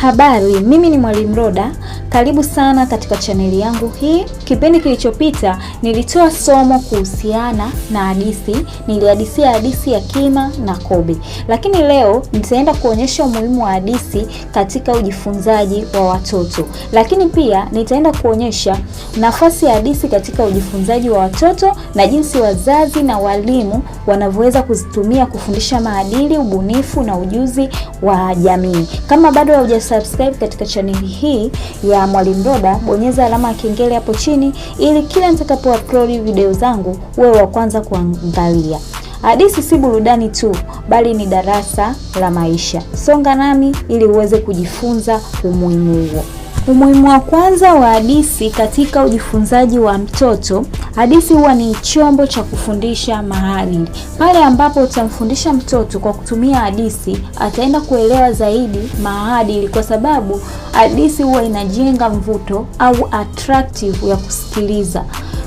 Habari, mimi ni Mwalimu Roda karibu sana katika chaneli yangu hii. Kipindi kilichopita nilitoa somo kuhusiana na hadithi, nilihadithia hadithi ya Kima na Kobe, lakini leo nitaenda kuonyesha umuhimu wa hadithi katika ujifunzaji wa watoto, lakini pia nitaenda kuonyesha nafasi ya hadithi katika ujifunzaji wa watoto na jinsi wazazi na walimu wanavyoweza kuzitumia kufundisha maadili, ubunifu na ujuzi wa jamii. Kama bado hujasubscribe katika chaneli hii ya Mwalimu Roda, bonyeza alama ya kengele hapo chini ili kila nitakapo upload video zangu wewe wa kwanza kuangalia. Hadithi si burudani tu, bali ni darasa la maisha. Songa nami ili uweze kujifunza umuhimu huo. Umuhimu wa kwanza wa hadithi katika ujifunzaji wa mtoto. Hadithi huwa ni chombo cha kufundisha maadili. Pale ambapo utamfundisha mtoto kwa kutumia hadithi, ataenda kuelewa zaidi maadili, kwa sababu hadithi huwa inajenga mvuto au attractive ya kusikiliza.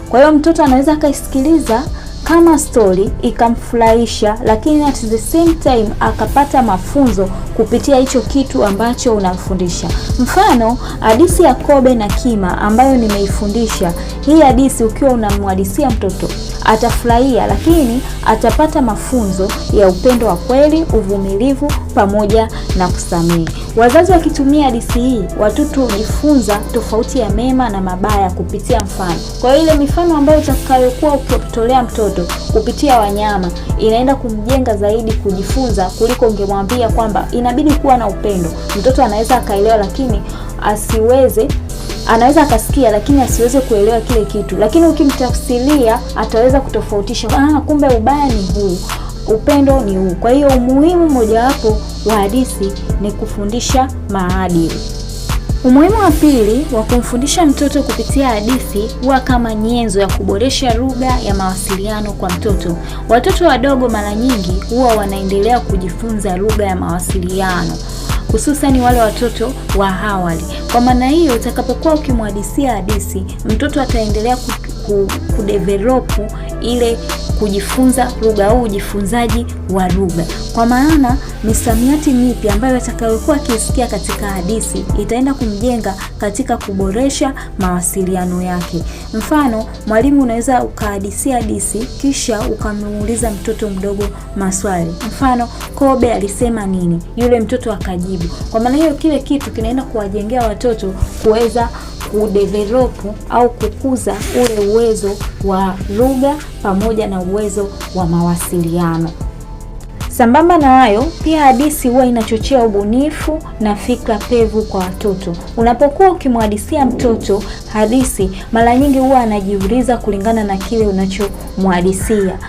Kwa hiyo mtoto anaweza akaisikiliza kama stori ikamfurahisha, lakini at the same time akapata mafunzo kupitia hicho kitu ambacho unafundisha. Mfano hadisi ya kobe na kima ambayo nimeifundisha hii hadisi, ukiwa unamhadisia mtoto atafurahia, lakini atapata mafunzo ya upendo wa kweli, uvumilivu pamoja na kusamehe. Wazazi wakitumia hadisi hii, watoto hujifunza tofauti ya mema na mabaya kupitia mfano. Kwa ile mifano ambayo utakayokuwa ukitolea mtoto mtoto kupitia wanyama inaenda kumjenga zaidi kujifunza kuliko ungemwambia kwamba inabidi kuwa na upendo. Mtoto anaweza akaelewa, lakini asiweze anaweza akasikia lakini asiweze kuelewa kile kitu, lakini ukimtafsiria ataweza kutofautisha, ah, kumbe ubaya ni huu, upendo ni huu. Kwa hiyo umuhimu mojawapo wa hadithi ni kufundisha maadili. Umuhimu wa pili wa kumfundisha mtoto kupitia hadithi huwa kama nyenzo ya kuboresha lugha ya mawasiliano kwa mtoto. Watoto wadogo mara nyingi huwa wanaendelea kujifunza lugha ya mawasiliano hususani wale watoto wa awali. Kwa maana hiyo, utakapokuwa ukimhadisia hadithi, mtoto ataendelea kudevelopu ile kujifunza lugha au ujifunzaji wa lugha, kwa maana misamiati mipya ambayo atakayokuwa akisikia katika hadithi itaenda kumjenga katika kuboresha mawasiliano yake. Mfano, mwalimu unaweza ukahadisia hadithi kisha ukamuuliza mtoto mdogo maswali, mfano Kobe alisema nini, yule mtoto akajibu. Kwa maana hiyo, kile kitu kinaenda kuwajengea watoto kuweza kudevelop au kukuza ule uwezo wa lugha pamoja na uwezo wa mawasiliano. Sambamba na hayo, pia hadithi huwa inachochea ubunifu na fikra pevu kwa watoto. Unapokuwa ukimwhadisia mtoto hadithi, mara nyingi huwa anajiuliza kulingana na kile unachomwhadisia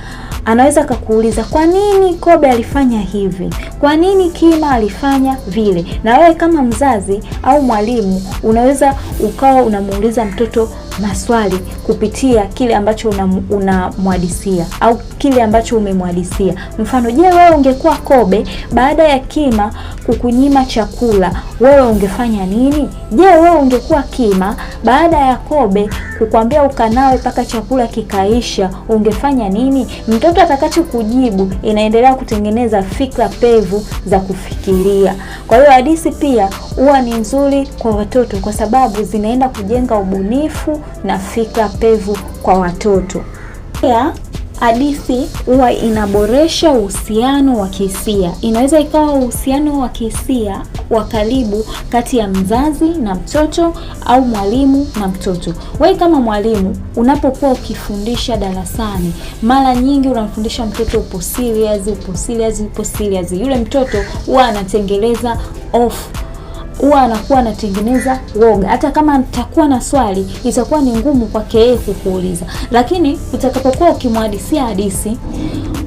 anaweza akakuuliza kwa nini Kobe alifanya hivi, kwa nini Kima alifanya vile, na wewe kama mzazi au mwalimu unaweza ukawa unamuuliza mtoto maswali kupitia kile ambacho unamwadisia una au kile ambacho umemwadisia. Mfano, je, wewe ungekuwa kobe baada ya kima kukunyima chakula, wewe ungefanya nini? Je, wewe ungekuwa kima baada ya kobe kukwambia ukanawe mpaka chakula kikaisha, ungefanya nini? Mtoto atakacho kujibu inaendelea kutengeneza fikra pevu za kufikiria. Kwa hiyo hadithi pia huwa ni nzuri kwa watoto, kwa sababu zinaenda kujenga ubunifu na fikra pevu kwa watoto. Pia hadithi huwa inaboresha uhusiano wa kihisia. Inaweza ikawa uhusiano wa kihisia wa karibu kati ya mzazi na mtoto au mwalimu na mtoto. Wewe kama mwalimu unapokuwa ukifundisha darasani, mara nyingi unamfundisha mtoto upo serious, upo serious, upo serious. Yule mtoto huwa anatengeleza off huwa anakuwa anatengeneza woga. Hata kama nitakuwa na swali, itakuwa ni ngumu kwake yeye kukuuliza, lakini utakapokuwa ukimhadisia hadisi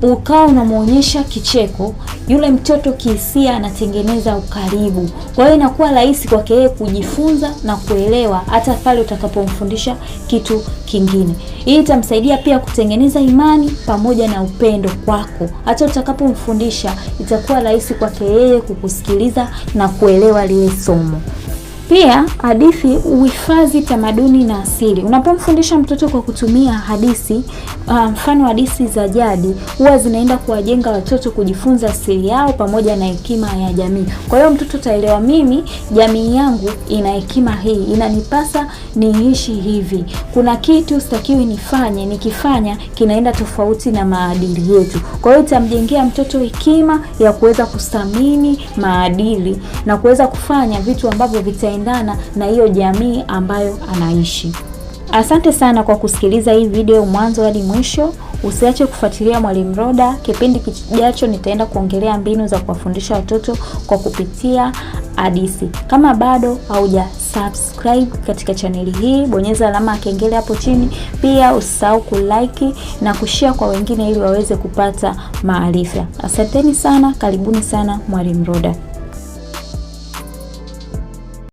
ukawa unamwonyesha kicheko yule mtoto, kihisia anatengeneza ukaribu. Kwa hiyo inakuwa rahisi kwake yeye kujifunza na kuelewa, hata pale utakapomfundisha kitu kingine. Hii itamsaidia pia kutengeneza imani pamoja na upendo kwako. Hata utakapomfundisha itakuwa rahisi kwake yeye kukusikiliza na kuelewa lile somo. Pia hadithi uhifadhi tamaduni na asili. Unapomfundisha mtoto kwa kutumia hadithi, uh, mfano um, hadithi za jadi huwa zinaenda kuwajenga watoto kujifunza asili yao pamoja na hekima ya jamii. Kwa hiyo mtoto taelewa, mimi jamii yangu ina hekima hii, inanipasa niishi hivi. Kuna kitu sitakiwi nifanye, nikifanya kinaenda tofauti na maadili yetu. Kwa hiyo itamjengea mtoto hekima ya kuweza kustamini maadili na kuweza kufanya vitu ambavyo vita inaendana na hiyo jamii ambayo anaishi. Asante sana kwa kusikiliza hii video mwanzo hadi mwisho. Usiache kufuatilia Mwalimu Roda. Kipindi kijacho nitaenda kuongelea mbinu za kuwafundisha watoto kwa kupitia hadithi. Kama bado hauja subscribe katika chaneli hii, bonyeza alama ya kengele hapo chini. Pia usisahau kulike na kushare kwa wengine, ili waweze kupata maarifa. Asanteni sana, karibuni sana Mwalimu Roda.